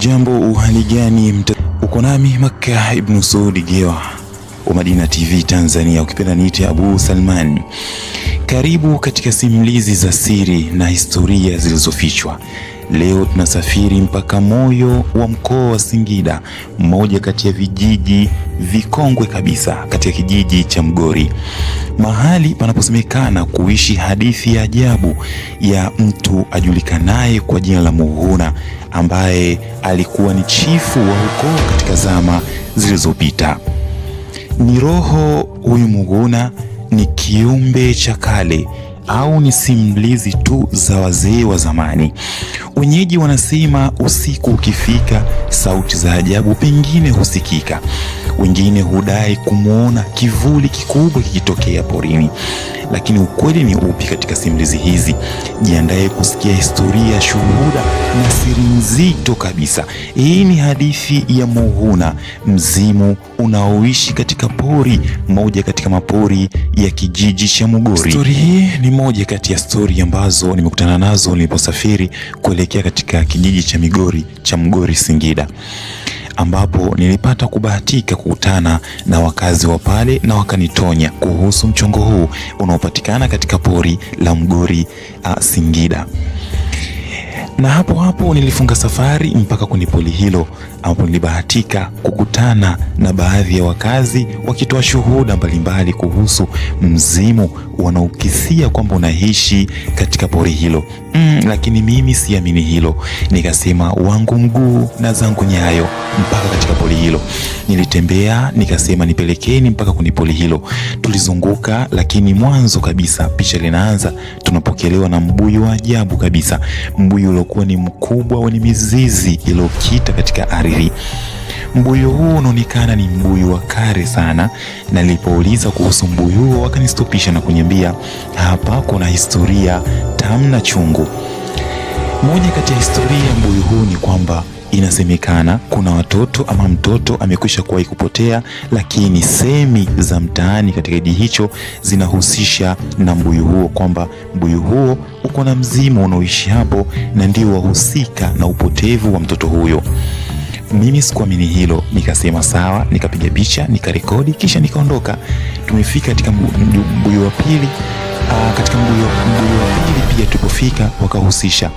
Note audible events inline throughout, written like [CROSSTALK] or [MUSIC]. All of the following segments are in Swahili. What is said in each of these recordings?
Hujambo, uhali gani? uko nami Makka Ibnu Saud Gewa wa Madina TV Tanzania, ukipenda niite Abu Salman. Karibu katika simulizi za siri na historia zilizofichwa. Leo tunasafiri mpaka moyo wa mkoa wa Singida, mmoja kati ya vijiji vikongwe kabisa katika kijiji cha Mgori, mahali panaposemekana kuishi hadithi ya ajabu ya mtu ajulikanaye kwa jina la Muhuna, ambaye alikuwa ni chifu wa ukoo katika zama zilizopita. Ni roho huyu Muhuna, ni kiumbe cha kale au ni simulizi tu za wazee wa zamani? Wenyeji wanasema usiku ukifika, sauti za ajabu pengine husikika. Wengine hudai kumwona kivuli kikubwa kikitokea porini lakini ukweli ni upi katika simulizi hizi? Jiandae kusikia historia, shuhuda na siri nzito kabisa. Hii ni hadithi ya Muhuna, mzimu unaoishi katika pori moja katika mapori ya kijiji cha Mugori. Stori hii ni moja kati ya stori ambazo nimekutana nazo niliposafiri kuelekea katika kijiji cha Migori cha Mgori Singida ambapo nilipata kubahatika kukutana na wakazi wa pale na wakanitonya kuhusu mchongo huu unaopatikana katika pori la Mgori a, uh, Singida na hapo hapo nilifunga safari mpaka kwenye poli hilo ambapo nilibahatika kukutana na baadhi ya wakazi wakitoa shuhuda mbalimbali kuhusu mzimu wanaokisia kwamba unaishi katika pori hilo mm, lakini mimi siamini hilo. Nikasema wangu mguu na zangu nyayo mpaka katika poli hilo. Nilitembea nikasema nipelekeni mpaka kwenye poli hilo. Tulizunguka, lakini mwanzo kabisa picha linaanza, tunapokelewa na mbuyu wa ajabu kabisa, mbuyu uliokuwa ni mkubwa wenye mizizi iliyokita katika ardhi. Mbuyu huu unaonekana ni mbuyu wa kale sana, na nilipouliza kuhusu mbuyu huo wakanistopisha na kuniambia hapa kuna historia tamu na chungu. Moja kati ya historia ya mbuyu huu ni kwamba inasemekana kuna watoto ama mtoto amekwisha kuwahi kupotea, lakini semi za mtaani katika kijiji hicho zinahusisha na mbuyu huo, kwamba mbuyu huo uko na mzimu unaoishi hapo na ndio wahusika na upotevu wa mtoto huyo. Mimi sikuamini hilo, nikasema sawa, nikapiga picha, nikarekodi, kisha nikaondoka. Tumefika katika mbuyu wa pili. Ah, katika mbuyu wa pili pia tulipofika, wakahusisha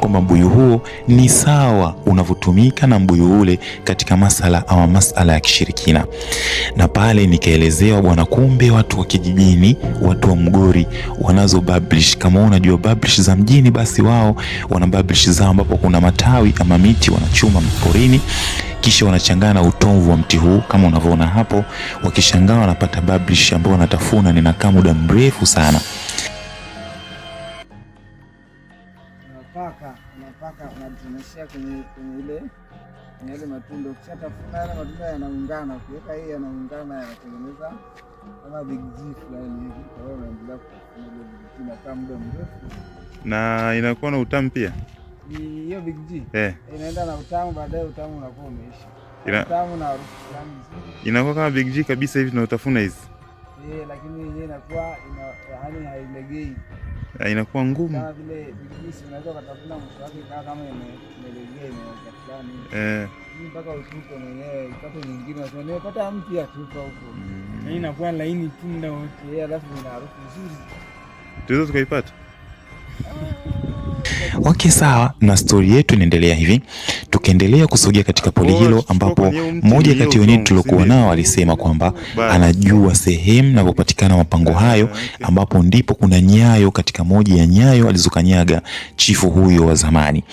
kwamba mbuyu huo ni sawa unavyotumika na mbuyu ule katika masala ama masala ya kishirikina. Na pale nikaelezewa, bwana, kumbe watu wa kijijini, watu wa Mgori wanazo bablish. Kama unajua bablish za mjini, basi wao wana bablish zao, ambapo kuna matawi ama miti wanachuma porini kisha wanachangana na utomvu wa mti huu kama unavyoona hapo. Wakishangaa wanapata bablish ambayo wanatafuna, ninakaa muda mrefu sana. kuunganisha kwenye kwenye ile kwenye yale matunda. Ukishatafuna yale matunda yanaungana, ukiweka hii yanaungana, yanatengeneza kama big bigji fulani hivi. Kwa hiyo unaendelea inakaa muda mrefu na inakuwa na utamu pia. Hiyo big bigji eh, inaenda na utamu, baadaye utamu unakuwa umeisha. Ina... utamu na harufu fulani nzuri, inakuwa kama big bigji kabisa hivi tunaotafuna hizi eh, lakini yenyewe inakuwa ina, yaani hailegei Eh, inakuwa ngumu eh. Mm. Tuweza tukaipata. Ah. Okay, sawa, na stori yetu inaendelea hivi. Tukaendelea kusogea katika poli hilo, ambapo mmoja kati ya wenyeji tuliokuwa nao alisema kwamba anajua sehemu inapopatikana mapango hayo, ambapo ndipo kuna nyayo katika moja ya nyayo alizokanyaga chifu huyo wa zamani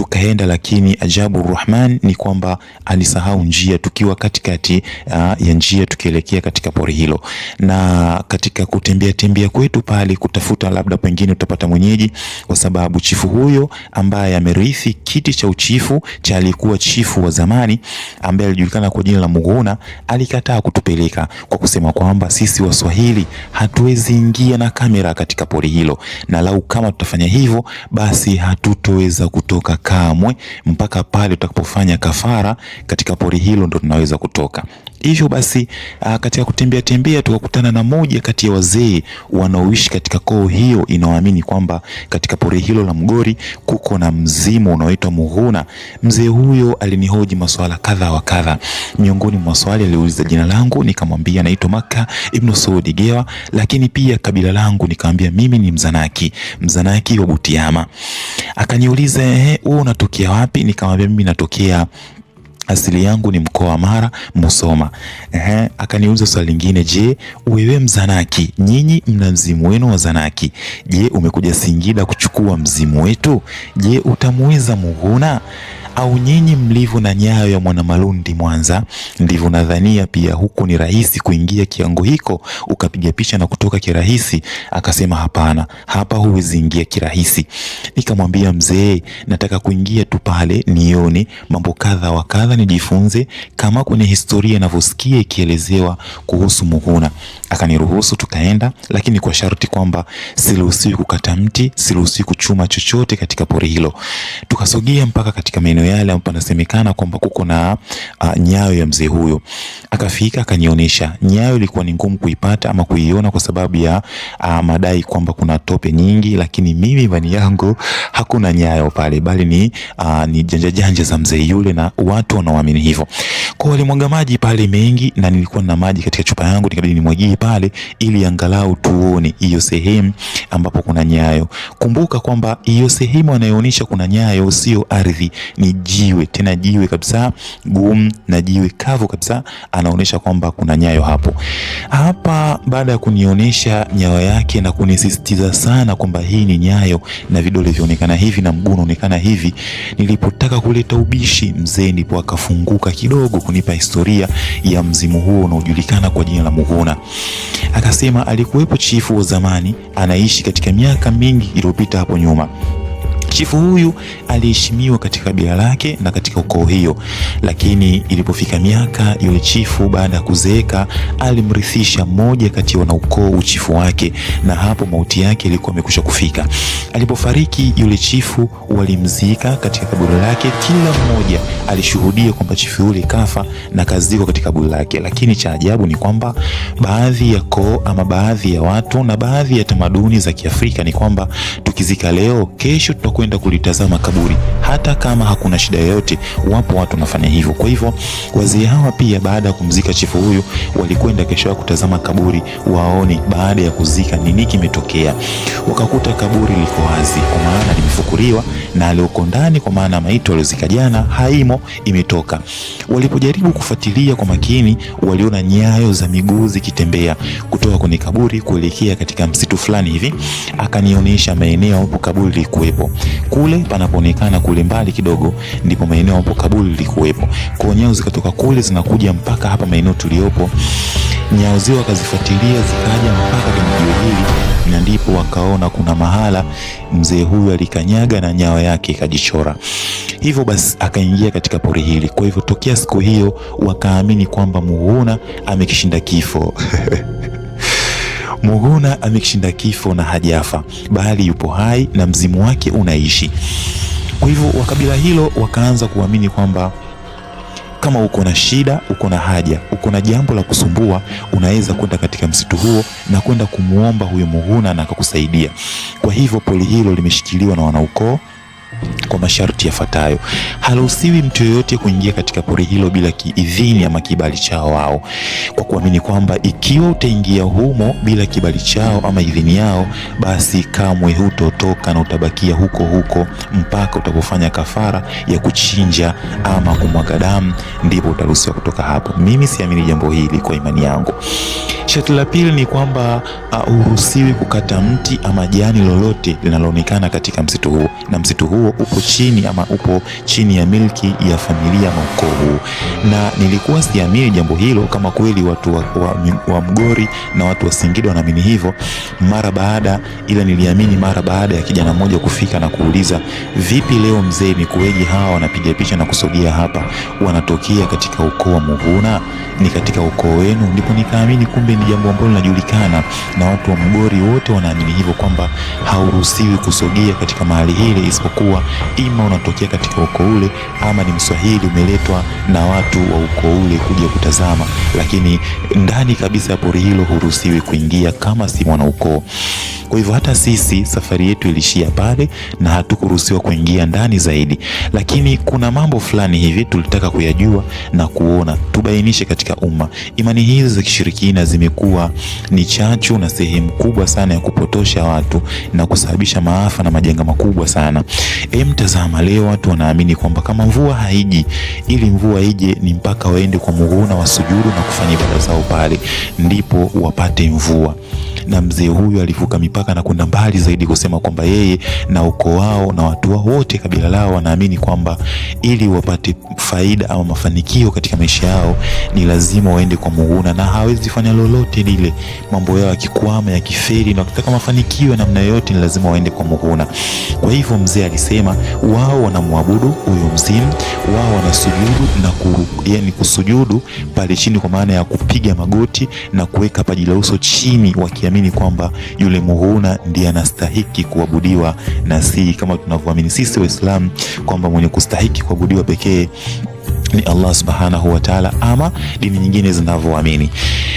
tukaenda, lakini ajabu Rahman ni kwamba alisahau njia, tukiwa katikati uh, ya njia tukielekea katika pori hilo, na katika kutembea tembea kwetu pale kutafuta labda pengine utapata mwenyeji, kwa sababu chifu huyo ambaye amerithi kiti cha uchifu cha alikuwa chifu wa zamani ambaye alijulikana kwa jina la Muguna alikataa kutupeleka kwa kusema kwamba sisi Waswahili hatuwezi ingia na kamera katika pori hilo, na lau kama tutafanya hivyo, basi hatutoweza kutoka kamwe mpaka pale utakapofanya kafara katika pori hilo, ndo tunaweza kutoka. Hivyo basi uh, katika kutembea tembea tukakutana na moja kati ya wazee wanaoishi katika koo hiyo inaoamini kwamba katika pori hilo la Mgori kuko na mzimu unaoitwa Muhuna. Mzee huyo alinihoji maswala kadha wa kadha, miongoni mwa maswali aliuliza jina langu, nikamwambia naitwa Maka Ibn Saud Gewa, lakini pia kabila langu nikamwambia mimi ni Mzanaki, Mzanaki wa Butiama. Akaniuliza ehe, wewe unatokea wapi? Nikamwambia mimi natokea asili yangu ni mkoa wa Mara Musoma. Ehe, akaniuliza swali lingine, je, wewe Mzanaki, nyinyi mna mzimu wenu wa Zanaki. Je, umekuja Singida kuchukua mzimu wetu? Je, utamuweza Muhuna? au nyinyi mlivyo na nyayo ya Mwanamalundi Mwanza, ndivyo nadhania pia huku ni rahisi kuingia kiango hiko ukapiga picha na kutoka kirahisi. Akasema hapana, hapa huwezi ingia kirahisi. Nikamwambia mzee, nataka kuingia tu pale nione mambo kadha wa kadha, nijifunze kama kwenye historia inavyosikia ikielezewa kuhusu Muhuna. Akaniruhusu tukaenda, lakini kwa sharti kwamba siruhusiwi kukata mti, siruhusiwi kuchuma chochote katika pori hilo. Tukasogea mpaka katika maeneo yale panasemekana kwamba kuko na uh, nyayo ya mzee huyo. Akafika akanionyesha nyayo, ilikuwa ni ngumu kuipata ama kuiona kwa sababu ya uh, madai kwamba kuna tope nyingi, lakini mimi imani yangu hakuna nyayo pale, bali ni uh, ni janja janja za mzee yule, na watu wanaoamini hivyo. Kwa walimwaga maji pale mengi, na nilikuwa na maji katika chupa yangu, nikabidi nimwagie pale ili angalau tuone hiyo sehemu ambapo kuna nyayo. Kumbuka kwamba hiyo sehemu anayoonyesha kuna nyayo sio ardhi, ni jiwe, tena jiwe kabisa gumu na jiwe kavu kabisa, anaonyesha kwamba kuna nyayo hapo. Hapa baada ya kunionyesha nyayo yake na kunisisitiza sana kwamba hii ni nyayo na vidole vionekana hivi na mguu unaonekana hivi, nilipotaka kuleta ubishi, mzee ndipo akafunguka kidogo kunipa historia ya mzimu huo unaojulikana kwa jina la Muhona. Akasema alikuwepo chifu wa zamani anaishi katika miaka mingi iliyopita hapo nyuma. Chifu huyu aliheshimiwa katika kabila lake na katika ukoo hiyo, lakini ilipofika miaka, yule chifu baada ya kuzeeka alimrithisha mmoja kati ya wanaukoo uchifu wake, na hapo mauti yake ilikuwa imekwisha kufika. Alipofariki yule chifu, walimzika katika kaburi lake. Kila mmoja alishuhudia kwamba chifu yule kafa na kazikwa katika kaburi lake, lakini cha ajabu ni kwamba baadhi ya koo ama baadhi ya watu na baadhi ya tamaduni za Kiafrika ni kwamba tukizika leo, kesho tutakuwa kwenda kulitazama kaburi, hata kama hakuna shida yoyote. Wapo watu wanafanya hivyo. Kwa hivyo wazee hawa pia, baada ya kumzika chifu huyu, walikwenda kesho yao kutazama kaburi, waone baada ya kuzika nini kimetokea. Wakakuta kaburi liko wazi, kwa maana limefukuliwa na alioko ndani, kwa maana maiti waliozika jana haimo, imetoka. Walipojaribu kufuatilia kwa makini, waliona nyayo za miguu zikitembea kutoka kwenye kaburi kuelekea katika msitu fulani hivi. Akanionyesha maeneo hapo kaburi lilikuwepo. Kule panapoonekana kule mbali kidogo ndipo maeneo ambapo kaburi lilikuwepo. Kwa nyao zikatoka kule zinakuja mpaka hapa maeneo tuliopo. Nyao zio wakazifuatilia zikaja mpaka kwenye jiwe hili, na ndipo wakaona kuna mahala mzee huyu alikanyaga na nyao yake ikajichora. Hivyo basi akaingia katika pori hili. Kwa hivyo tokea siku hiyo wakaamini kwamba muhuna amekishinda kifo. [LAUGHS] Mughuna amekishinda kifo na hajafa, bali yupo hai na mzimu wake unaishi. Kwa hivyo wakabila hilo wakaanza kuamini kwamba kama uko na shida, uko na haja, uko na jambo la kusumbua, unaweza kwenda katika msitu huo na kwenda kumwomba huyo Muguna na akakusaidia. Kwa hivyo poli hilo limeshikiliwa na wanaukoo kwa masharti yafuatayo: haruhusiwi mtu yoyote kuingia katika pori hilo bila kiidhini ama kibali chao wao, kwa kuamini kwamba ikiwa utaingia humo bila kibali chao ama idhini yao, basi kamwe hutotoka na utabakia huko huko mpaka utakofanya kafara ya kuchinja ama kumwaga damu, ndipo utaruhusiwa kutoka hapo. Mimi siamini jambo hili kwa imani yangu. Sharti la pili ni kwamba uruhusiwi kukata mti ama jani lolote linaloonekana katika msitu huo, na msitu huo huo upo chini ama upo chini ya milki ya familia ya ukoo huu, na nilikuwa siamini jambo hilo kama kweli watu wa, wa, wa Mgori na watu wa Singida wanaamini hivyo mara baada, ila niliamini mara baada ya kijana mmoja kufika na kuuliza, vipi leo mzee, ni kuweje hawa wanapiga picha na kusogea hapa, wanatokea katika ukoo wa Muvuna, ni katika ukoo wenu? Ndipo nikaamini kumbe ni jambo ambalo linajulikana na watu wa Mgori wote wanaamini hivyo kwamba hauruhusiwi kusogea katika mahali hili isipokuwa ima unatokea katika ukoo ule, ama ni Mswahili umeletwa na watu wa ukoo ule kuja kutazama, lakini ndani kabisa ya pori hilo huruhusiwi kuingia kama si ukoo. Kwa hivyo hata sisi safari yetu ilishia pale na hatukuruhusiwa kuingia ndani zaidi, lakini kuna mambo fulani hivi tulitaka kuyajua na kuona tubainishe katika umma. Imani hizi za kishirikina zimekuwa ni chachu na sehemu kubwa sana ya kupotosha watu na kusababisha maafa na majanga makubwa sana. Em, tazama leo watu wanaamini kwamba kama mvua haiji, ili mvua ije ni mpaka waende kwa Mungu wasujudu na kufanya ibada zao pale ndipo wapate mvua na mzee huyu alivuka mipaka na kwenda mbali zaidi kusema kwamba yeye na ukoo wao na watu wao wote kabila lao wanaamini kwamba ili wapate faida ama mafanikio katika maisha yao ni lazima waende kwa muguna na hawezi fanya lolote lile. Mambo yao yakikwama, yakifeli na wakitaka mafanikio ya namna yoyote, ni lazima waende kwa muguna kwa hivyo mzee alisema wao wanamwabudu huyo mzimu, wao wanasujudu na ku, yani kusujudu pale chini kwa maana ya kupiga magoti na kuweka paji la uso chini, wakiamini kwamba yule muhuna ndiye anastahiki kuabudiwa na si kama tunavyoamini sisi Waislamu kwamba mwenye kustahiki kuabudiwa pekee ni Allah subhanahu wa taala, ama dini nyingine zinavyoamini.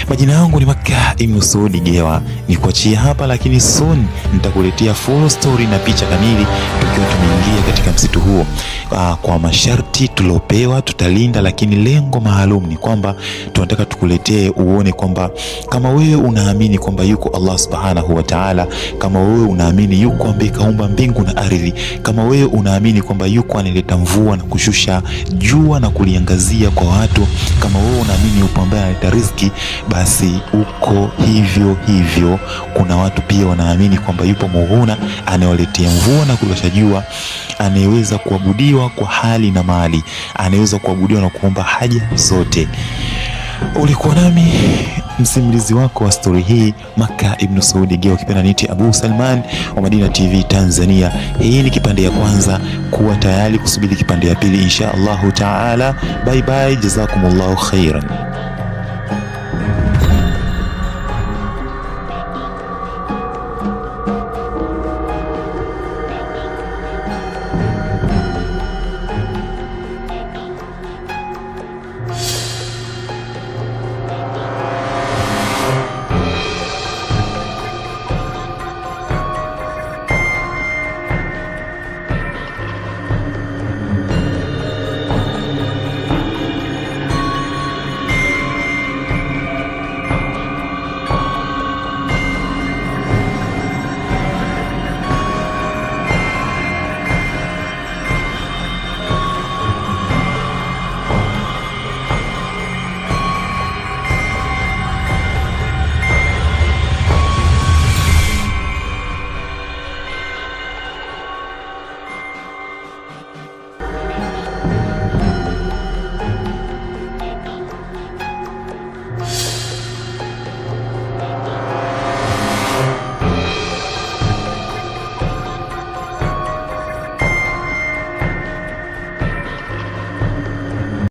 Majina yangu ni Makka Ibn Saud Gewa, kuachia hapa, lakini soon nitakuletea full story na picha kamili tukiwa tumeingia katika msitu huo uh, kwa masharti tuliopewa tutalinda, lakini lengo maalum ni kwamba tunataka tukuletee uone kwamba kama wewe unaamini kwamba yuko Allah subhanahu wa ta'ala, kama wewe unaamini yuko ambaye kaumba mbingu na ardhi, kama wewe unaamini kwamba yuko analeta mvua na kushusha jua na kuliangazia kwa watu, kama wewe kuamini upo ambaye analeta riziki, basi uko hivyo hivyo. Kuna watu pia wanaamini kwamba yupo Muhuna anayewaletea mvua na kuliwasha jua, anayeweza kuabudiwa kwa hali na mali, anayeweza kuabudiwa na kuomba haja zote. Ulikuwa nami msimulizi wako wa stori hii Maka Ibnu Saudi Geo, ukipenda niti Abu Salman wa Madina TV Tanzania. Hii ni kipande ya kwanza, kuwa tayari kusubiri kipande ya pili insha Allahu taala. Bye bye, jazakumullahu khairan.